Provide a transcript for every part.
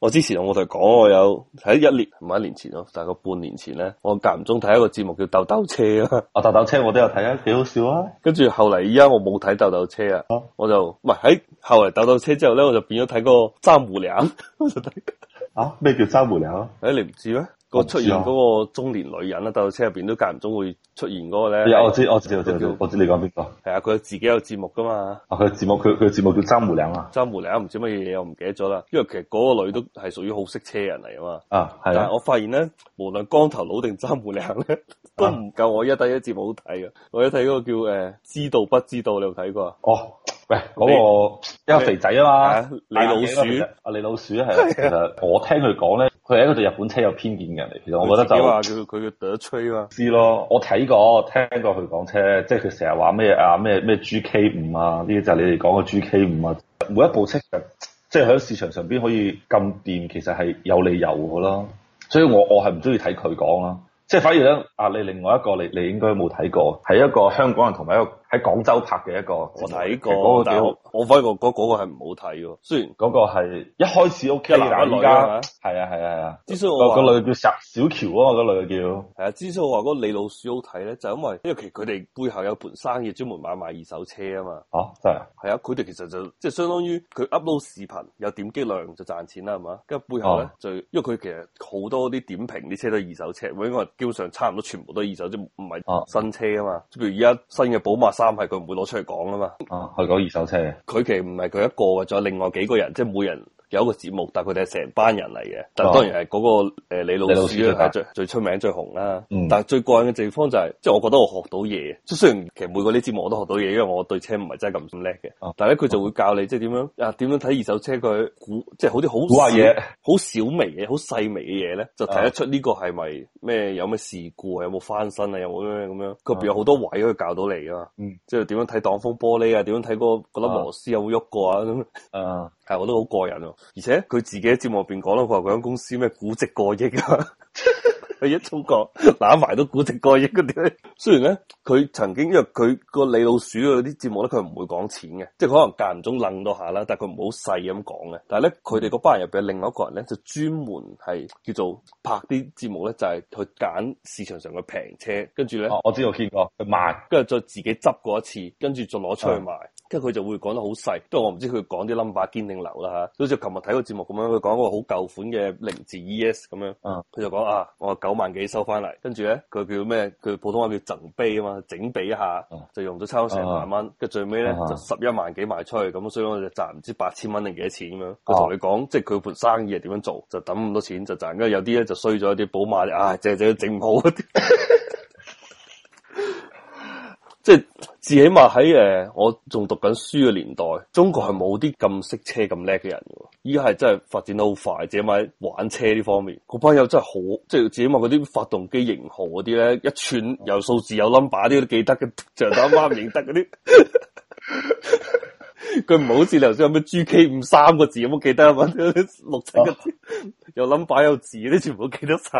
我之前我就講，我有喺一年唔係，一年前咯，大概半年前咧，我間唔中睇一個節目叫《豆豆車》啊。我豆豆車我都有睇啊，幾好笑啊。跟住後嚟，而家我冇睇豆豆車啊。我就唔係喺後嚟豆豆車之後咧，我就變咗睇個珊瑚嶺，我就睇啊，咩叫珊瑚嶺？誒、欸，你唔知咩？個出現嗰個中年女人啦，搭到車入邊都間唔中會出現嗰個咧。我知我知我知，我知你講邊個。係啊，佢有自己有節目噶嘛。啊，佢節目佢佢嘅節目叫張無良啊。張無良唔知乜嘢嘢，我唔記得咗啦。因為其實嗰個女都係屬於好識車人嚟啊嘛。啊，係啦。我發現咧，無論光頭佬定張無良咧，都唔夠我一第一節目好睇噶。我一睇嗰個叫誒，知道不知道你有睇過哦，喂，嗰個因為肥仔啊嘛，李老鼠。啊，李老鼠係，其實我聽佢講咧。佢係一個對日本車有偏見嘅人嚟，其實我覺得就佢佢嘅得吹啦。知咯、啊，我睇過聽過佢講車，即係佢成日話咩啊咩咩 GK5 啊，呢啲就係你哋講嘅 GK5 啊。每一部車其實即係喺市場上邊可以咁掂，其實係有理由嘅咯。所以我我係唔中意睇佢講咯，即係反而咧啊，你另外一個你你應該冇睇過，係一個香港人同埋一個。喺廣州拍嘅一個，我睇過，但係我，我覺得嗰嗰個係唔好睇喎。雖然嗰個係一開始 OK 啦，但係而家係啊係啊係啊，啊，啊。之所以我話、嗰個女叫石小喬啊，個女叫係啊。之所以我話嗰李老鼠好睇咧，就係、因為因為其實佢哋背後有盤生意，專門買賣二手車啊嘛。哦、啊，真係。係啊，佢哋其實就即係相當於佢 upload 視頻有點擊量就賺錢啦，係嘛？跟住背後咧、啊、就因為佢其實好多啲點評啲車都係二手車，因為基本上差唔多全部都係二手即唔係新車啊嘛。譬、啊、如而家新嘅寶馬。三係佢唔會攞出嚟講啊嘛，啊去講二手車。佢其實唔係佢一個，仲有另外幾個人，即係每人。有一個節目，但係佢哋係成班人嚟嘅，但當然係嗰個誒李老師咧，最最出名最紅啦，啊。嗯、但係最過癮嘅地方就係、是，即係我覺得我學到嘢。即雖然其實每個呢節目我都學到嘢，因為我對車唔係真係咁叻嘅。嗯嗯嗯但係咧，佢就會教你即係點樣啊？點樣睇二手車？佢估即係好啲好少嘢，好細微嘢，好細微嘅嘢咧，就睇、是、得、嗯、出呢個係咪咩有咩事故啊？有冇翻身啊？有冇咩咁樣？佢邊有好多位可以教到你噶嘛？即係點樣睇擋風玻璃啊？點樣睇嗰粒螺絲有冇喐過啊？咁啊。係，我都好過癮喎，而且佢自己喺節目入邊講啦，佢話間公司咩估值過億啊。 係 一宗個，攬埋都估值過億嗰啲咧。雖然咧，佢曾經因為佢個李老鼠嗰啲節目咧，佢唔會講錢嘅，即係可能間唔中楞到下啦，但係佢唔好細咁講嘅。但係咧，佢哋嗰班人入邊另外一個人咧，就專門係叫做拍啲節目咧，就係去揀市場上嘅平車，跟住咧，我知道我見過去賣，跟住再自己執過一次，跟住就攞出去賣，跟住佢就會講得好細。不過我唔知佢講啲 number 堅定流啦吓，好似琴日睇個節目咁樣，佢講一個好舊款嘅凌志 ES 咁樣，嗯，嗯，佢就講啊，我舊。九萬幾收翻嚟，跟住咧，佢叫咩？佢普通話叫整備啊嘛，整備一下，啊、就用咗差唔多成萬蚊，跟住最尾咧就十一萬幾賣出去，咁所以我就賺唔知八千蚊定幾多錢咁樣。佢同你講，即係佢盤生意係點樣做，就等咁多錢就賺。跟住有啲咧就衰咗，啲寶馬咧唉，淨淨整唔好啊，整整整好 即係。自起碼喺，誒，我仲讀緊書嘅年代，中國係冇啲咁識車咁叻嘅人嘅。依家係真係發展得好快，自起碼喺玩車呢方面，嗰班友真係好，即係自起碼嗰啲發動機型號嗰啲咧，一串有數字有 number 啲都記得嘅，就打孖唔認得嗰啲。 佢唔 好似頭先有咩 G K 五三個字，冇記得啊嘛，六七個字，oh. 又 n u m 有字，啲全部都記得晒。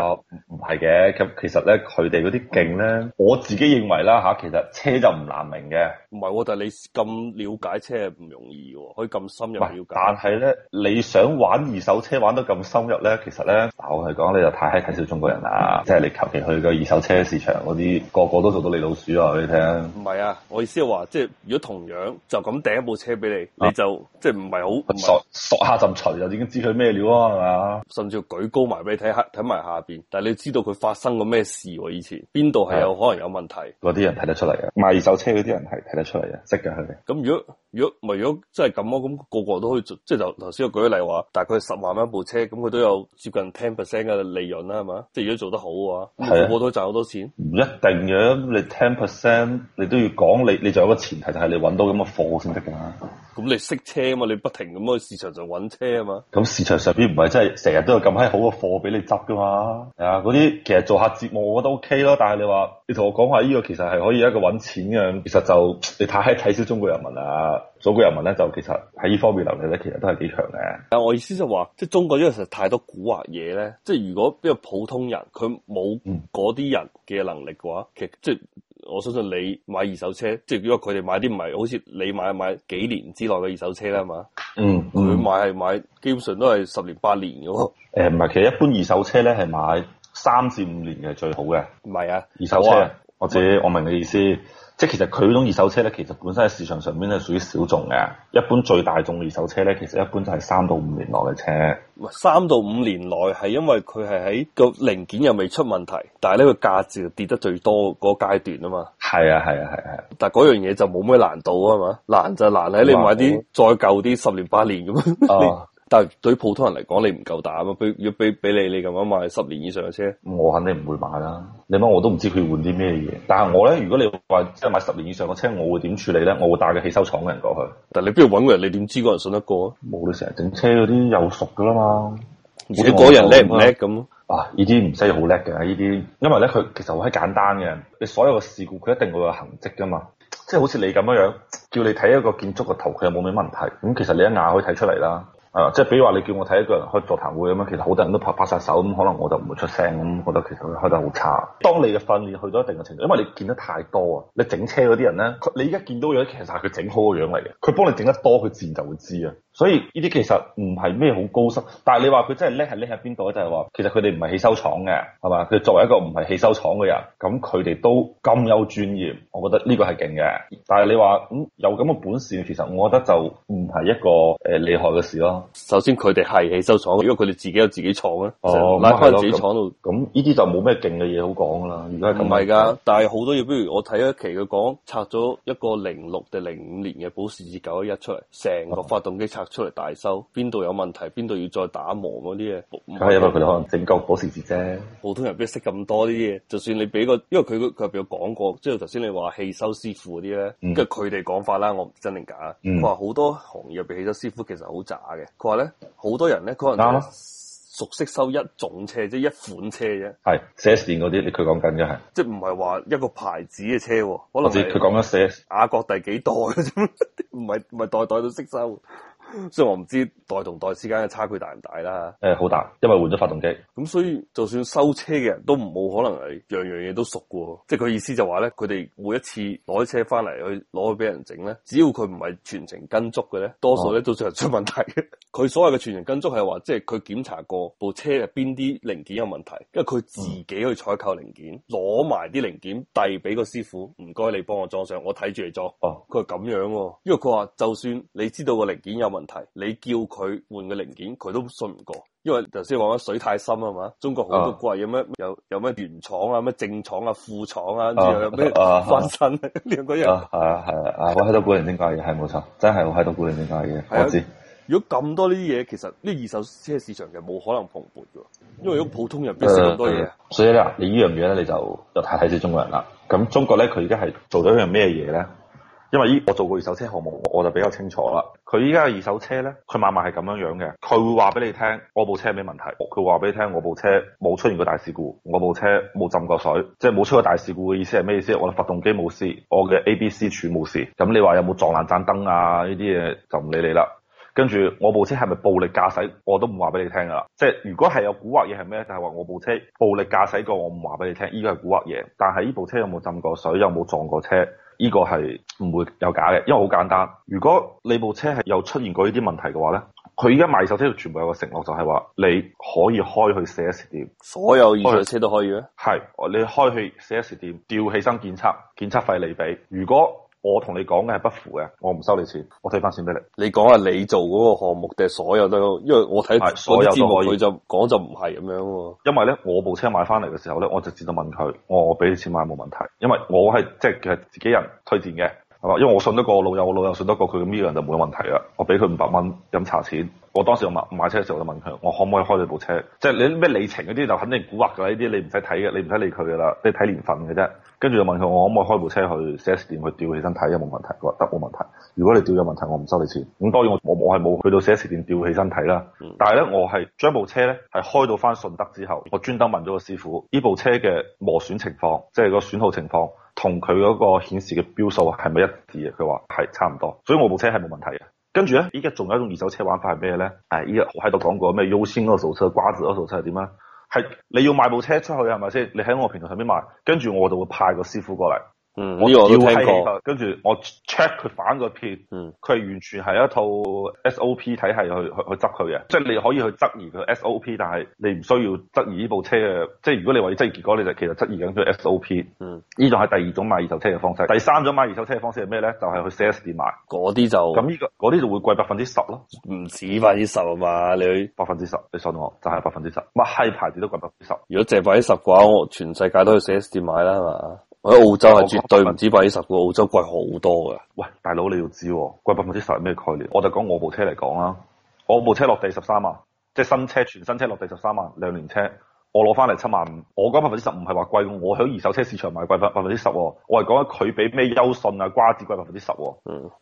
唔係嘅，咁其實咧，佢哋嗰啲勁咧，我自己認為啦吓，其實車就唔難明嘅。唔係我，但係你咁了解車唔容易，可以咁深入了解。但係咧，你想玩二手車玩得咁深入咧，其實咧，嗱我係講你就太睇少中國人啦，即、就、係、是、你求其去個二手車市場嗰啲，個個都做到你老鼠啊，你聽。唔係啊，我意思係話，即係如果同樣就咁第一部車。俾你你就即係唔係好索，索下浸塵就已經知佢咩料啊，係嘛？吧甚至要舉高埋俾你睇下，睇埋下邊，但係你知道佢發生過咩事、啊、以前邊度係有的可能有問題？嗰啲人睇得出嚟嘅，賣二手車嗰啲人係睇得出嚟嘅，識嘅。佢哋。咁如果如果唔係如果真係咁啊，咁個個都可以做，即係就頭先我舉個例話，大概十萬蚊一部車，咁佢都有接近 ten percent 嘅利潤啦，係嘛？即係如果做得好嘅話，咁個個都賺好多錢。唔一定嘅，你 ten percent 你都要講，你你仲有個前提就係你搵到咁嘅貨先得噶嘛。咁你識車啊嘛？你不停咁去市場上揾車啊嘛？咁市場上邊唔係真係成日都有咁閪好嘅貨俾你執噶嘛？啊，嗰啲其實做下節目我覺得 OK 咯。但係你，你話你同我講話呢個其實係可以一個揾錢嘅，其實就你太睇少中國人民啦。中國人民咧就其實喺呢方面能力咧其實都係幾強嘅。但我意思就話，即係中國因為實在太多古惑嘢咧，即係如果呢個普通人佢冇嗰啲人嘅能力嘅話，嗯、其實即係。我相信你買二手車，即係如果佢哋買啲唔係，好似你買買幾年之內嘅二手車啦，係嘛、嗯？嗯，佢買係買，基本上都係十年八年嘅。誒、嗯，唔係，其實一般二手車咧係買三至五年嘅最好嘅。唔係啊，二手車、啊。或者我，我明你意思，即係其實佢嗰種二手車咧，其實本身喺市場上邊係屬於小眾嘅。一般最大眾二手車咧，其實一般就係三到五年內嘅車。三到五年內係因為佢係喺個零件又未出問題，但係呢個價值跌得最多嗰階段啊嘛。係啊係啊係係。啊、但係嗰樣嘢就冇咩難度啊嘛，難就難喺你買啲再舊啲哇十年八年咁。哦 但係對普通人嚟講，你唔夠膽啊！俾如俾俾你，你咁樣買十年以上嘅車，我肯定唔會買啦。你乜我都唔知佢換啲咩嘢。但係我咧，如果你話即係買十年以上嘅車，我會點處理咧？我會帶個汽修廠嘅人過去。但係你不如搵個人，你點知嗰人信得過啊？冇，你成日整車嗰啲又熟噶啦嘛。而且嗰人叻唔叻咁？啊，呢啲唔使好叻嘅呢啲，因為咧佢其實好簡單嘅。你所有嘅事故，佢一定會有痕跡噶嘛。即係好似你咁樣樣，叫你睇一個建築嘅圖，佢有冇咩問題？咁其實你一眼可以睇出嚟啦。啊，即係、uh, 比如話你叫我睇一個人開座談會咁樣，其實好多人都拍拍曬手咁，可能我就唔會出聲咁，覺得其實佢開得好差。當你嘅訓練去到一定嘅程度，因為你見得太多啊，你整車嗰啲人咧，佢你而家見到樣其實係佢整好個樣嚟嘅，佢幫你整得多，佢自然就會知啊。所以呢啲其實唔係咩好高深，但係你話佢真係叻係叻喺邊度咧？就係、是、話其實佢哋唔係汽修廠嘅，係嘛？佢作為一個唔係汽修廠嘅人，咁佢哋都咁有專業，我覺得呢個係勁嘅。但係你話咁、嗯、有咁嘅本事，其實我覺得就唔係一個誒、呃、厲害嘅事咯。首先佢哋係汽修廠，如果佢哋自己有自己廠咧，哦、拉翻自己廠度，咁呢啲就冇咩勁嘅嘢好講啦。如果係咁唔係㗎，但係好多嘢，不如我睇一期佢講拆咗一個零六定零五年嘅保時捷九一一出嚟，成個發動機拆。出嚟大修，邊度有問題，邊度要再打磨嗰啲嘢。係因為佢哋可能整個保時捷啫。普通人邊識咁多啲嘢？就算你俾個，因為佢佢入邊有講過，即係頭先你話汽修師傅嗰啲咧，即係佢哋講法啦。我唔知真定假。佢話好多行業入邊汽修師傅其實好渣嘅。佢話咧，好多人咧，可能熟悉收一種車，即係、嗯、一款車啫。係四 s 店嗰啲，佢講緊嘅係即係唔係話一個牌子嘅車？可能佢講緊四 s 雅閣第幾代唔係唔係代代都識收。雖然我唔知代同代之間嘅差距大唔大啦？誒、嗯，好大，因為換咗發動機。咁所以就算收車嘅人都冇可能係樣樣嘢都熟嘅、哦，即係佢意思就話咧，佢哋每一次攞車翻嚟去攞去俾人整咧，只要佢唔係全程跟足嘅咧，多數咧都成日出問題。佢、啊、 所謂嘅全程跟足係話，即係佢檢查過部車入邊啲零件有問題，因為佢自己去採購零件，攞埋啲零件遞俾個師傅，唔該你幫我裝上，我睇住你裝。啊、哦，佢係咁樣，因為佢話就，就算你知道個零件有問題。問題，你叫佢換個零件，佢都信唔過，因為頭先話咗水太深啊嘛，中國好多鬼有咩有有咩原廠啊，咩正廠啊，副廠啊，又、啊、有咩翻新。呢樣嘢？係啊係啊，啊我喺度古靈精怪嘅，係冇錯，真係我喺度古靈精怪嘅，我知。如果咁多呢啲嘢，其實呢二手車市場其實冇可能蓬勃嘅，因為如果普通人唔識咁多嘢、嗯嗯嗯，所以咧，你呢樣嘢咧，你就又睇睇住中國人啦。咁中國咧，佢而家係做到一樣咩嘢咧？因為依我做過二手車項目，我就比較清楚啦。佢依家嘅二手車咧，佢慢慢係咁樣樣嘅。佢會話俾你聽，我部車咩問題？佢話俾你聽，我部車冇出現過大事故，我部車冇浸過水，即係冇出過大事故嘅意思係咩意思？我嘅發動機冇事，我嘅 A、B、C 柱冇事。咁你話有冇撞爛盞燈啊？呢啲嘢就唔理你啦。跟住我部車係咪暴力駕駛？我都唔話俾你聽噶啦。即係如果係有蠱惑嘢係咩？就係話我部車暴力駕駛過，我唔話俾你聽。依家係蠱惑嘢。但係呢部車有冇浸過水？有冇撞過車？呢個係唔會有假嘅，因為好簡單。如果你部車係有出現過呢啲問題嘅話咧，佢而家賣二手車度全部有個承諾，就係話你可以開去四 S 店，所有二手車都可以嘅。係，你開去四 S 店吊起身檢測，檢測費你俾。如果我同你講嘅係不符嘅，我唔收你錢，我退翻錢俾你。你講下你做嗰個項目嘅所有都，因為我睇，所有之外，佢就講就唔係咁樣啊。因為咧，我部車買翻嚟嘅時候咧，我直接就問佢，我俾你錢買冇問題，因為我係即係自己人推薦嘅。係嘛？因為我信得過我老友，我老友信得過佢咁樣就冇問題啦。我俾佢五百蚊飲茶錢。我當時我買買車嘅時候，我就問佢：我可唔可以開你部車？即係你咩里程嗰啲就肯定蠱惑㗎啦。呢啲你唔使睇嘅，你唔使理佢㗎啦。你睇年份嘅啫。跟住就問佢：我可唔可以開部車去 4S 店去吊起身睇有冇問題？佢話得冇問題。如果你吊有問題，我唔收你錢。咁當然我我我係冇去到 4S 店吊起身睇啦。但係咧，我係將部車咧係開到翻順德之後，我專登問咗個師傅呢部車嘅磨損情況，即係個損耗情況。同佢嗰個顯示嘅標數係咪一致嘅？佢話係差唔多，所以我部車係冇問題嘅。跟住咧，而家仲有一種二手車玩法係咩咧？係而家我喺度講過咩優先嗰手車瓜子嗰手車係點啊？係你要賣部車出去係咪先？你喺我平台上面賣，跟住我就會派個師傅過嚟。嗯，這個、我要睇佢，跟住我，我 check 佢反個片。嗯，佢係完全係一套、嗯、SOP 體系去去去執佢嘅，即係你可以去質疑佢 SOP，但係你唔需要質疑呢部車嘅。即係如果你話要質疑結果，你就其實質疑緊佢 SOP。嗯，呢種係第二種買二手車嘅方式。第三種買二手車嘅方式係咩咧？就係、是、去四 S 店買。嗰啲就咁呢個，嗰啲就會貴百分之十咯。唔止百分之十啊嘛，你去百分之十，你信我就係、是、百分之十。乜閪牌子都貴百分之十？如果淨百分之十嘅話，我全世界都去四 S 店買啦嘛。我喺澳洲係絕對唔止百分之十嘅，澳洲貴好多㗎。喂，大佬你要知喎，貴百分之十係咩概念？我就講我部車嚟講啦，我部車落地十三萬，即係新車，全新車落地十三萬，兩年車。我攞翻嚟七萬五，我講百分之十五係話貴我喺二手車市場賣貴百百分之十，啊，我係講緊佢比咩優信啊瓜子貴百分之十，啊，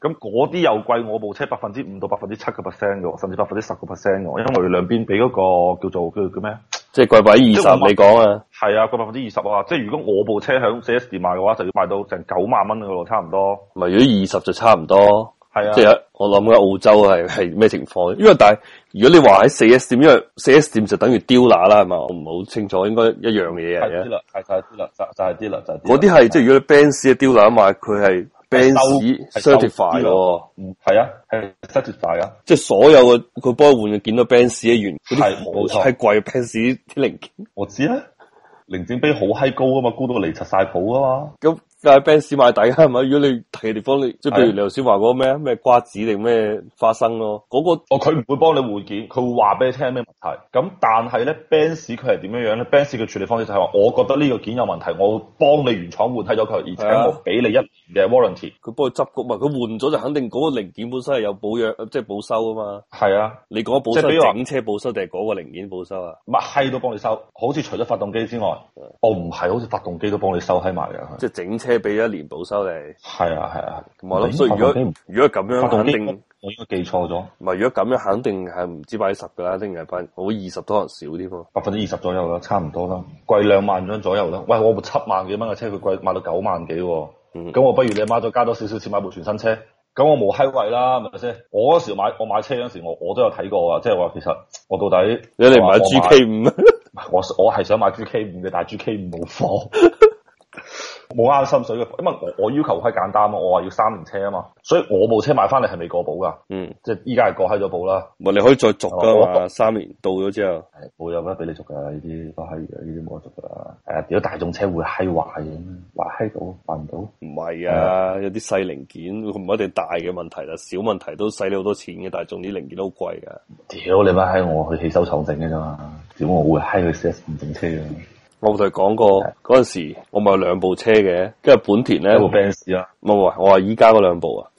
咁嗰啲又貴我部車百分之五到百分之七個 percent 嘅，甚至百分之十個 percent 嘅，因為兩邊比嗰個叫做叫叫咩，即係貴百分二十你講啊，係啊，貴百分之二十啊，即係如果我部車響四 S 店賣嘅話，就要賣到成九萬蚊嘅咯，差唔多，唔係如果二十就差唔多。係啊，即係我諗緊澳洲係係咩情況？因為但係如果你話喺四 S 店，因為四 S 店就等於丟拿啦，係嘛？我唔係好清楚，應該一樣嘢嚟嘅。啲啦，就係啲啦，啲啦，就嗰啲係即係如果你 b a n d z 啊丟拿埋，佢係 b a n z c e r t i f i e 係啊，係 set 大啊，即係所有嘅佢幫佢換嘅見到 b a n d z 嘅原係冇錯，係貴 b a n d 啲零件，我知啦，零鍵比好 h 高啊嘛，高到嚟拆晒鋪啊嘛。即係 Benz 買底係咪？如果你其他地方你即係，譬如你頭先話嗰個咩咩的瓜子定咩花生咯，嗰、嗰個哦佢唔會幫你換件，佢會話俾你聽咩問題。咁但係咧，Benz 佢係點樣樣咧？Benz 嘅處理方式就係話，我覺得呢個件有問題，我會幫你原廠換睇咗佢，而且我俾你一嘅 warranty 的。佢幫佢執局唔係佢換咗就肯定嗰個零件本身係有保養即係保修啊嘛。係啊的，你講嘅保修即係整車保修定係嗰個零件保修啊？乜係，都幫你修，好似除咗發動機之外，的我唔係好似發動機都幫你收喺埋嘅。即係整車。車俾一年保修你，係啊係啊，咁、啊、我諗想，是所以如果如果咁樣，肯定我應該記錯咗。唔係，如果咁樣，肯定係唔知百分之十噶啦，定係百好二十多人少啲咯。百分之二十左右啦，差唔多啦，貴兩萬張左右啦。喂，我部七萬幾蚊嘅車，佢貴賣到九萬幾、啊、咁、嗯、我不如你阿媽再加多少少錢買部全新車，咁我冇閪位啦，係咪先？我嗰時買我買車嗰時，我我都有睇過啊。即係話其實我到底你哋唔係 G K 五，我我係想買 G K 五嘅，但係 G K 五冇貨。冇啱心水嘅，因為我我要求係簡單啊嘛，我話要三年車啊嘛，所以我部車買翻嚟係未過保噶，嗯，即係依家係過閪咗保啦。唔係你可以再續噶，啊、三年到咗之後，冇有咩俾你續噶呢啲，都閪嘅呢啲冇得續噶。係、啊、如果大眾車會閪壞嘅，壞閪到辦唔到？唔係啊，嗯、有啲細零件唔一定大嘅問題啦，小問題都使你好多錢嘅，但係仲啲零件都好貴噶。屌、啊、你媽閪，我去汽修廠整嘅啫嘛，屌，我會閪去四 S 店整車嘅？ 我就講過嗰陣時，我咪有兩部車嘅，跟住本田咧、部奔馳啦。唔係，我話依家嗰兩部啊，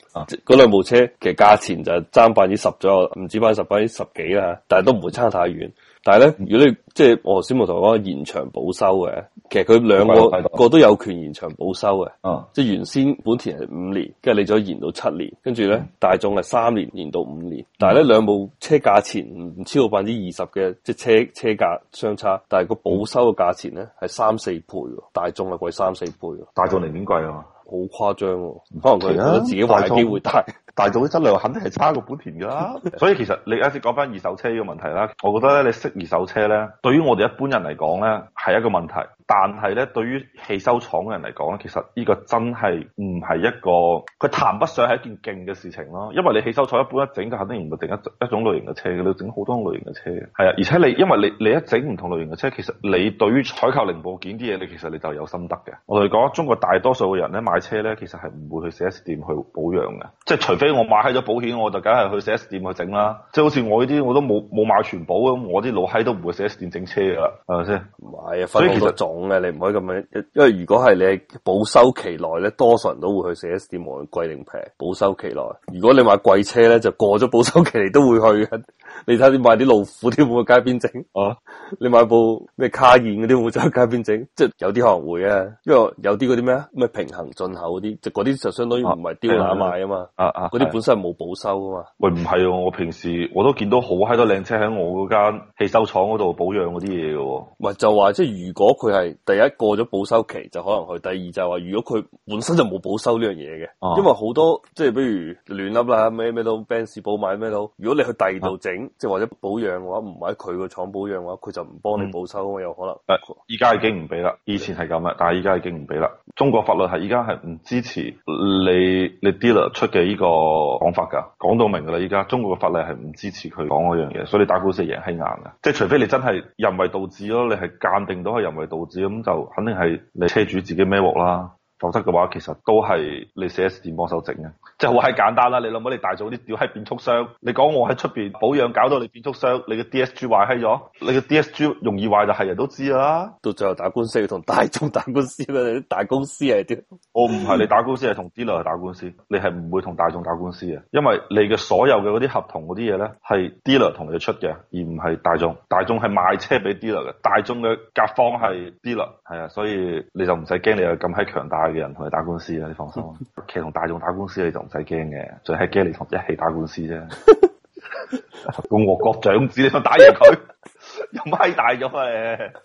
嗰兩部車其實價錢就爭百分之十左右，唔止百分之十，百分之十幾啦，但係都唔會差太遠。但係咧，如果你即係我頭先冇同我講延長保修嘅，其實佢兩個怪怪個都有權延長保修嘅。哦、啊，即係原先本田係五年，跟住你再延到七年，跟住咧大眾係三年延到五年。但係咧兩部車價錢唔超過百分之二十嘅，即係車車價相差，但係個保修嘅價錢咧係三四倍，大眾係貴三四倍。大眾嚟點貴啊？貴啊好誇張，啊，可能佢覺得自己壞機會大。大眾啲質量肯定係差過本田㗎啦， 所以其實你啱先講翻二手車呢個問題啦，我覺得咧你識二手車咧，對於我哋一般人嚟講咧，係一個問題。但係咧，對於汽修廠嘅人嚟講咧，其實呢個真係唔係一個，佢談不上係一件勁嘅事情咯。因為你汽修廠一般一整就肯定唔會整一一種類型嘅車嘅，你整好多類型嘅車嘅。係啊，而且你因為你你一整唔同類型嘅車，其實你對於採購零部件啲嘢，你其實你就有心得嘅。我哋講中國大多數嘅人咧買車咧，其實係唔會去 4S 店去保養嘅，即係除非我買喺咗保險，我就梗係去 4S 店去整啦。即係好似我呢啲我都冇冇買全保咁，我啲老閪都唔會 4S 店整車㗎啦，係咪先？買啊，所以其實撞。你唔可以咁樣，因為如果係你保修期內咧，多數人都會去四 S 店，望貴定平。保修期內，如果你買貴車咧，就過咗保修期你都會去嘅。你睇下你買啲路虎啲會喺街邊整哦，你買部咩卡宴嗰啲會喺街邊整，即係有啲可能會啊，因為有啲嗰啲咩咩平衡進口嗰啲，即嗰啲就相當於唔係丟乸賣啊嘛，啊啊，嗰啲本身係冇保修噶嘛。喂，唔係我平時我都見到好閪多靚車喺我嗰間汽修廠嗰度保養嗰啲嘢噶。唔係就話即係如果佢係。第一過咗保修期就可能去，第二就係話，如果佢本身就冇保修呢樣嘢嘅，啊、因為好多即係比如亂凹啦，咩咩都 Benz 保買咩都，如果你去第二度整，即係、啊、或者保養嘅話，唔喺佢個廠保養嘅話，佢就唔幫你保修啊有可能。誒、嗯，依家已經唔俾啦，以前係咁啊，但係依家已經唔俾啦。中國法律係依家係唔支持你你 Dealer 出嘅依個講法㗎，講到明㗎啦，依家中國嘅法例係唔支持佢講嗰樣嘢，所以你打官司贏係硬嘅，即係除非你真係人為導致咯，你係鑑定到係人為導致。咁就肯定係你車主自己孭鑊啦。否則嘅話，其實都係你 4S 店幫手整嘅，即係話係簡單啦。你諗下，你大眾啲屌閪變速箱，你講我喺出邊保養搞到你變速箱，你嘅 D S G 壞閪咗，你嘅 D S G 容易壞就係人都知啦。到最後打官司，要同大眾打官司你啲大公司係點？我唔係你打官司係同 dealer 打官司，你係唔會同大眾打官司嘅，因為你嘅所有嘅嗰啲合同嗰啲嘢咧，係 dealer 同你出嘅，而唔係大眾。大眾係賣車俾 dealer 嘅，大眾嘅甲方係 dealer，係啊，所以你就唔使驚你係咁閪強大。嘅人同你打官司啦，你放心，其實同大眾打官司你就唔使驚嘅，就係驚你同佢一齊打官司啫。共和 國長子，你想打贏佢， 又咪大咗誒。